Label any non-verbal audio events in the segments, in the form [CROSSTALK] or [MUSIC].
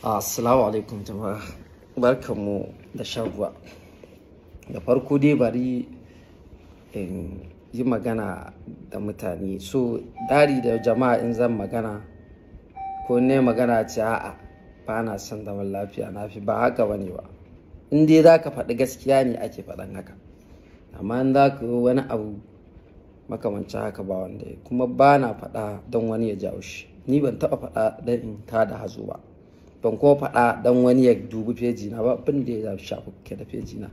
Assalamu alaikum jama'a barkanmu da shan da farko dai bari in yi magana da mutane so dari da jama'a in zan magana ko ne magana ce a'a ba na son zaman lafiya na fi ba haka bane ba in dai za ka faɗi gaskiya ne ake faɗan haka amma in za ka yi wani abu makamanci haka ba wanda kuma ba na faɗa don wani ya jawo shi ni ban taɓa faɗa don in ta da hazo ba ban ko faɗa dan wani ya dubi feji na ba abin da ya shafi ke da feji na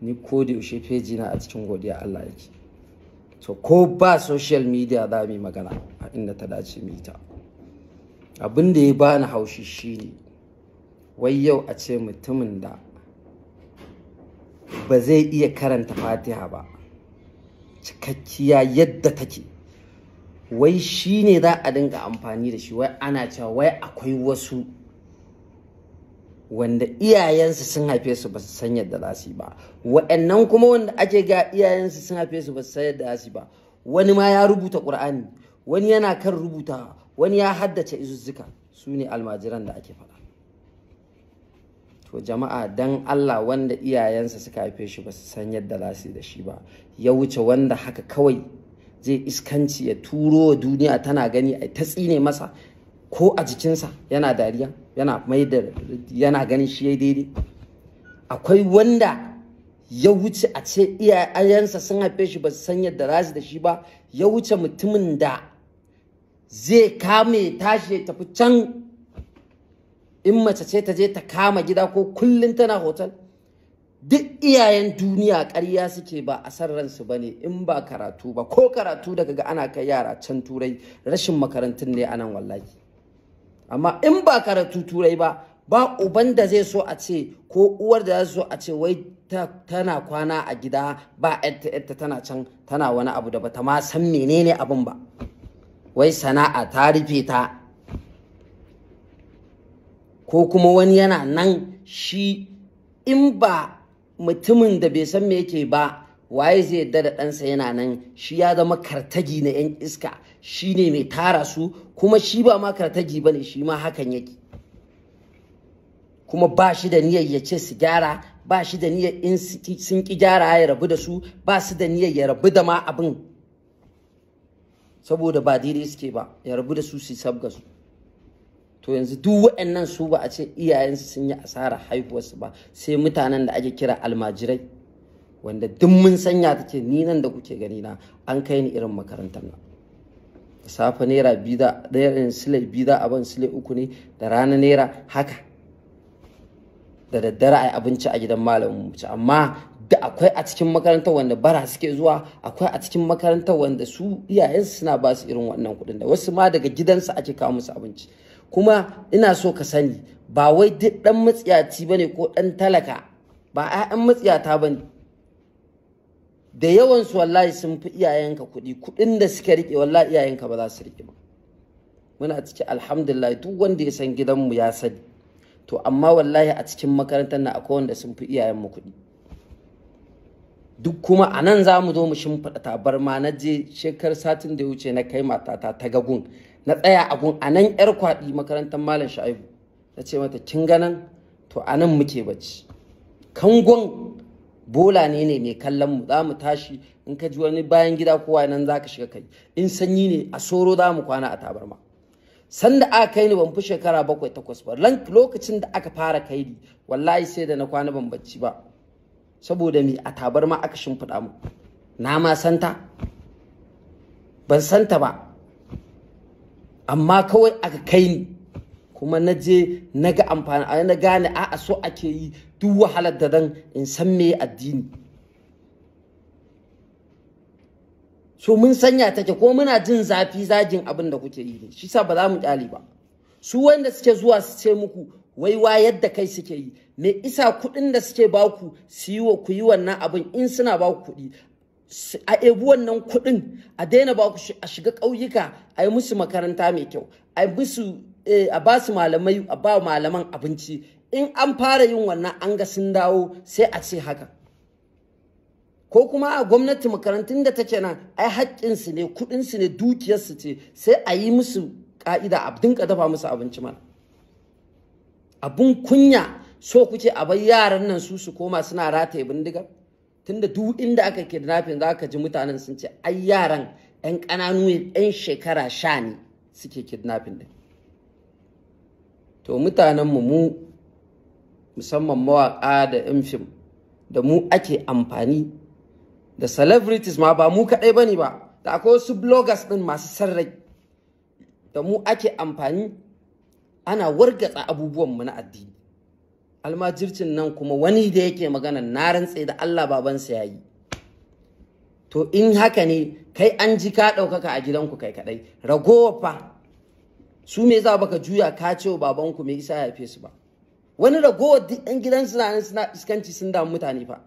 ni ko da yaushe feji na a cikin godiya Allah yake to ko ba social media za mu magana a inda ta dace mu ta abin da ya bani haushi shine wai yau a ce mutumin da ba zai iya karanta fatiha ba cikakkiya yadda take wai shi ne za a dinga amfani da shi wai ana cewa wai akwai wasu wanda iyayensu sun haife su ba su san yadda za su yi ba wa'annan kuma wanda ake ga iyayensu sun haife su ba su san yadda za su ba wani ma ya rubuta ƙur'ani wani yana kan rubuta wani ya haddace izuzzuka su ne almajiran da ake faɗa to jama'a dan Allah wanda iyayensa suka haife shi ba su san yadda za su da shi ba ya wuce wanda haka kawai zai iskanci ya turo duniya tana gani a ta tsine masa ko a jikinsa yana dariya yana mai da yana ganin shi ya daidai akwai wanda ya wuce a ce iyayensa sun haife shi ba su san yadda razi da shi ba ya wuce mutumin da zai kame tashi ya tafi can in mace ce ta je ta kama gida ko kullum tana hotel duk iyayen duniya karya suke ba a san ransu ba ne in ba karatu ba ko karatu daga ga ana kai yara can turai rashin makarantun ne anan wallahi amma in ba karatu turai ba ba uban da zai so a ce ko uwar da zai so a ce wai tana kwana a gida ba yadda tana can tana wani abu da bata ma san menene abin ba wai sana'a ta rufe ta ko kuma wani yana nan shi in ba mutumin da bai san me yake ba waye zai yadda da ɗansa yana nan shi ya zama kartagi na 'yan iska shi ne mai tara su kuma shi ba ma kartagi ba ne shi ma hakan yake kuma ba shi da niyyar ya ce su gyara ba shi da niyyar in sun ki gyara ya rabu da su ba su da niyyar ya rabu da ma abin saboda ba daidai suke ba ya rabu da su su sabga su to yanzu duk waɗannan su ba a ce iyayensu sun yi asara haihuwarsu ba sai mutanen da ake kira almajirai wanda duk mun sanya ta ni nan da kuke gani na an kai ni irin makarantar nan safe naira biyu da naira sile biyu za a ban sile uku ne da rana naira haka da daddare a abinci a gidan malamin mu amma da akwai a cikin makarantar wanda bara suke zuwa akwai a cikin makarantar wanda su iyayensu suna ba su irin wannan kuɗin da wasu ma daga gidansu ake kawo musu abinci kuma ina so ka sani ba wai duk ɗan matsiyaci bane ko ɗan talaka ba 'ya'yan matsiyata bane da yawansu wallahi sun fi iyayenka kuɗi kuɗin da suka riƙe wallahi iyayenka ba za su riƙe ba muna ciki alhamdulillah duk wanda ya san gidanmu ya sani to amma wallahi a cikin makarantar na akwai wanda sun fi iyayenmu kuɗi duk kuma a nan za mu zo mu shimfiɗa ma na je shekar satin da ya wuce na kai matata ta gagun na tsaya a gun a nan yar kwaɗi makarantar malam sha'ibu na ce mata kin ganan to a nan muke bacci kangon bola ne ne mai kallon mu za mu tashi in ka ji wani bayan gida kowa nan za ka shiga kai in sanyi ne a soro za mu kwana a tabarma sanda aka kai ni ban fi shekara bakwai takwas ba lokacin da aka fara kai ni wallahi sai da na kwana ban bacci ba saboda me a tabarma aka shimfiɗa mu na ma santa ban santa ba amma kawai aka kai ni kuma na je na ga amfani na gane a'a so ake yi duk wahalar da dan in san me addini so mun sanya take ko muna jin zafi zagin abin da kuke yi ne shi sa ba za mu kyale ba su wanda suke zuwa su ce muku wai wa yadda kai suke yi me isa kuɗin da suke baku su yi wa ku yi wannan abin in suna baku kuɗi a ebi wannan kuɗin a daina baku a shiga ƙauyuka a yi musu makaranta mai kyau a yi musu E a ba su malamai a ba malaman abinci in an fara yin wannan an ga sun dawo sai a ce haka ko kuma a gwamnati makarantun da ta take nan ai haƙƙinsu ne kuɗinsu ne dukiyarsu ce sai a yi musu ƙa'ida a dinka dafa musu abinci mana abin kunya so kuke a bar yaran nan su su koma suna rataye bindiga tunda duk inda aka kidnapping za ka ji mutanen sun ce ai yaran 'yan ƙananu 'yan shekara sha ne suke kidnapping din to mutanenmu mu musamman mawaƙa da 'yan da mu ake amfani da celebrities ma ba mu kaɗai ba ne ba da akwai wasu bloggers ɗin masu sarrai da mu ake amfani ana wargatsa abubuwanmu na addini almajircin nan kuma wani da yake magana na rantse da Allah babansa ya yi to in haka ne kai an ji ka ɗaukaka a gidanku kai kaɗai ragowa fa su me za baka juya ka ce wa babanku me isa ya haife su ba wani ragowar duk ɗan gidan suna nan suna iskanci sun damu mutane fa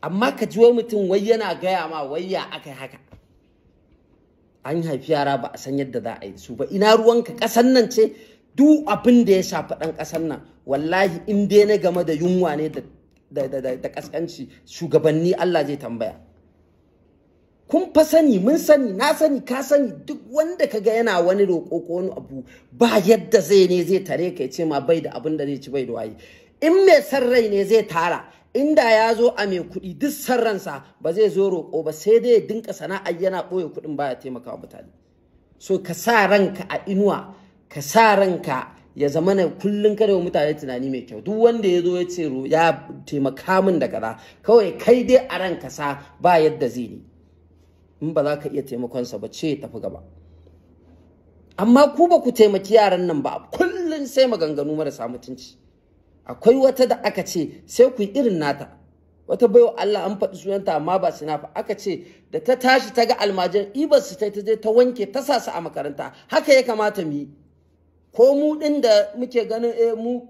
amma ka ji wai mutum wai yana gaya ma wai ya aka haka an haifi yara ba a san yadda za a yi su ba ina ruwan ka ƙasan nan ce duk abin da ya shafi ɗan ƙasan nan wallahi in dai na game da yunwa ne da ƙasƙanci shugabanni Allah zai tambaya. kun fa sani mun sani na sani ka sani duk wanda ka ga yana wani roƙo ko wani abu ba yadda zai ne zai tare ka ce ma bai da abin da zai ci bai da waye in mai san rai ne zai tara inda ya zo a mai kuɗi duk san ransa ba zai zo roƙo ba sai dai dinka sana'ar yana ɓoye kuɗin baya taimakawa mutane so ka sa ranka a inuwa ka sa ranka ya zama na kullum kada mutane tunani mai kyau duk wanda ya zo ya ce ya taimaka min da kaza kawai kai dai a ranka sa ba yadda zai ne in ba za ka iya taimakon sa ba ce tafi gaba amma ku ba ku taimaki yaran nan ba kullum sai maganganu marasa mutunci akwai wata da aka ce sai ku yi irin nata wata baiwa Allah an faɗi sunanta amma ba sina fa aka ce da ta tashi ta ga almajiran ibar su ta je ta wanke ta sa a makaranta haka ya kamata mu yi ko mu ɗin da muke ganin eh mu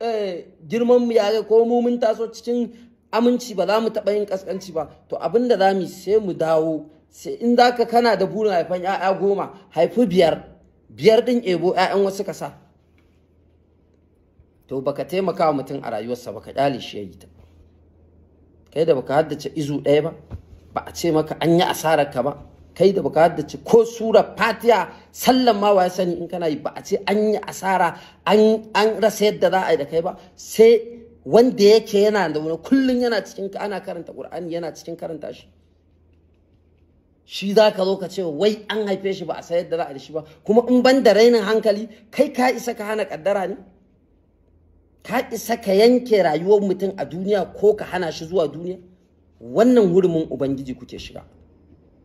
eh, girman mu yare ko mu mun taso cikin aminci ba za mu taɓa yin ƙasƙanci ba to abin da za mu sai mu dawo sai in za ka kana da burin haifan 'ya'ya goma haifi biyar biyar ɗin ebo 'ya'yan wasu ka sa to ka taimaka wa mutum a rayuwarsa baka ɗale shi ya yi ta kai da baka haddace izu ɗaya ba ba a ce maka an yi asarar ka ba kai da baka haddace ko sura fatiya sallan ma ya sani in kana yi ba a ce an yi asara an rasa yadda za a yi da kai ba sai wanda yake yana da wani kullum yana cikin ana karanta ƙur'ani yana cikin karanta shi shi za ka zo ka ce wai an haife shi ba a sayar da za a da shi ba kuma in ban da rainin hankali kai ka isa ka hana kaddara ne ka isa ka yanke rayuwar mutum a duniya ko ka hana shi zuwa duniya wannan hurumin ubangiji kuke shiga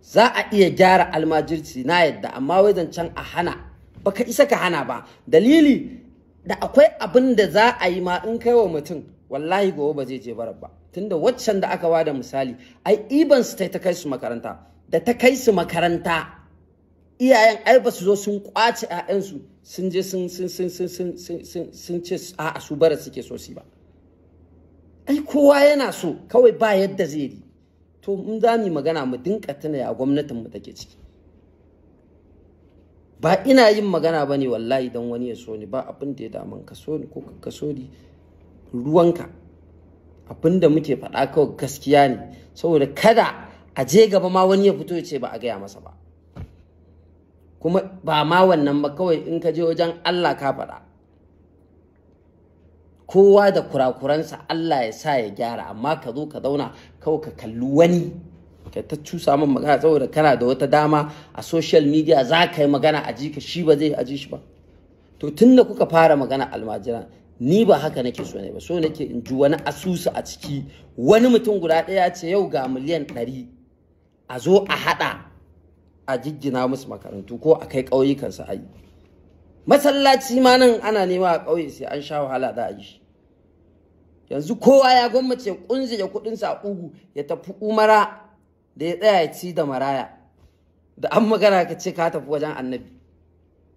za a iya gyara almajirci na yadda amma wai zancen a hana Ba ka isa ka hana ba dalili da akwai abin da za a yi ma in kai wa mutum wallahi gobe ba zai je barar ba tunda waccan da aka wada misali ai iban su ta kai su makaranta da ta kai su makaranta iyayen ai ba su zo sun kwace 'ya'yansu sun je sun sun sun sun sun sun sun ce a'a su bara suke so su ba ai kowa yana so kawai ba yadda zai yi to in za mu magana mu dinka tuna ya gwamnatin mu take ciki ba ina yin magana ba ne wallahi don wani ya so ni ba abin da ya damun ka so ni ko ka so ni ruwanka abin da muke faɗa kawai gaskiya ne saboda kada a je gaba ma wani ya fito ya ce ba a gaya masa ba kuma ba ma wannan ba kawai in ka je wajen Allah ka faɗa kowa da kurakuransa Allah ya sa ya gyara amma ka zo ka zauna kawai ka kalli wani ka ta cusa min magana saboda kana da wata dama a social media za ka yi magana a ji ka shi ba zai aji shi ba to tun da kuka fara magana almajira ni ba haka nake so ne ba so nake in ji wani asusu a ciki wani mutum guda ɗaya ce yau ga miliyan ɗari a zo a haɗa a jijjina musu makarantu ko a kai ƙauyukansu a yi masallaci ma nan ana nema a ƙauye sai an sha wahala da a yi yanzu kowa ya gwammace kunze ya kuɗinsa a ugu ya tafi umara da ya tsaya ci da maraya da an magana ka ce ka tafi wajen annabi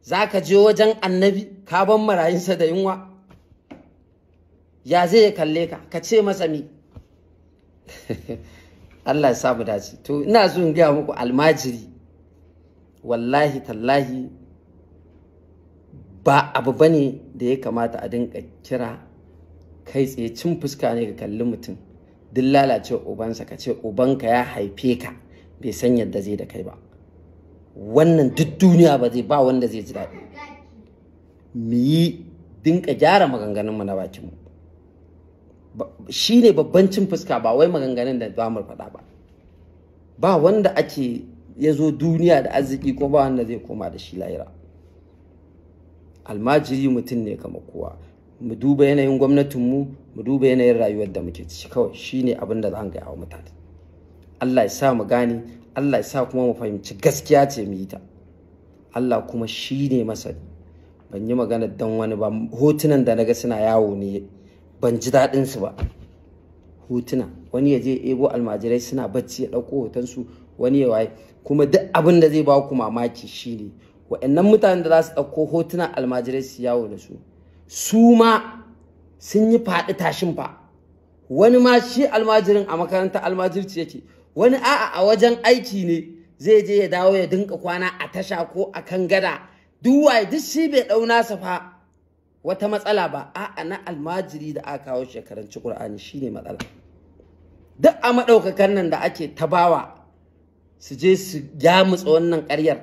za ka je wajen annabi ka ban marayinsa da yunwa ya zai ya kalle ka ka ce masa [LAUGHS] Allah ya samu dace to ina so in gaya muku almajiri wallahi tallahi ba abu bane da ya kamata a dinka kira kai tsaye cin fuska ne ka kalli mutum duk lalace ubansa ka ce ubanka ya haife ka bai san yadda zai da kai ba wannan duk duniya ba zai ba wanda zai ji daɗi mu yi dinka gyara maganganunmu na bakinmu shi ne babban cin fuska ba wai maganganun da za faɗa ba ba wanda ake ya zo duniya da arziki ko ba wanda zai koma da shi lahira almajiri mutum ne kama kowa mu duba yanayin gwamnatinmu mu duba yanayin rayuwar da muke ciki kawai ne abin da zan gaya wa mutane Allah ya sa mu gane Allah ya sa kuma mu fahimci gaskiya ce mu yi ta Allah kuma shi ne masani ban yi magana dan wani ba hotunan da na ga suna yawo ne ban ji daɗin su ba hotuna wani ya je ego almajirai suna bacci ya ɗauko hoton su wani ya waye kuma duk abin da zai ba ku mamaki shine wa'annan mutanen da za su ɗauko hotuna almajirai su yawo da su su ma sun yi faɗi tashin fa wani ma shi almajirin a makarantar almajirci yake wani a'a a wajen aiki ne zai je ya dawo ya dinka kwana a tasha ko a kan gada duk duk shi bai ɗau nasa fa wata matsala ba a na almajiri da aka kawo shekaran ci Qur'ani shine matsala duk a maɗaukakan nan da ake tabawa su je su gyamutsa wannan ƙaryar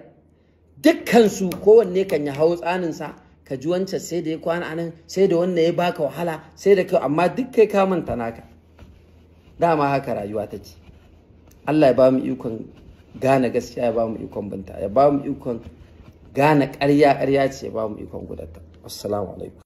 dukkan kowanne kan ya hau tsaninsa ka ji wancan sai da ya kwana anan sai da wannan ya baka wahala sai da kai amma duk kai ka manta naka dama haka rayuwa take Allah ya ba mu ikon gane gaskiya ya ba mu ikon binta ya ba mu ikon gane ƙarya ƙarya ce ya ba mu ikon gudanta السلام عليكم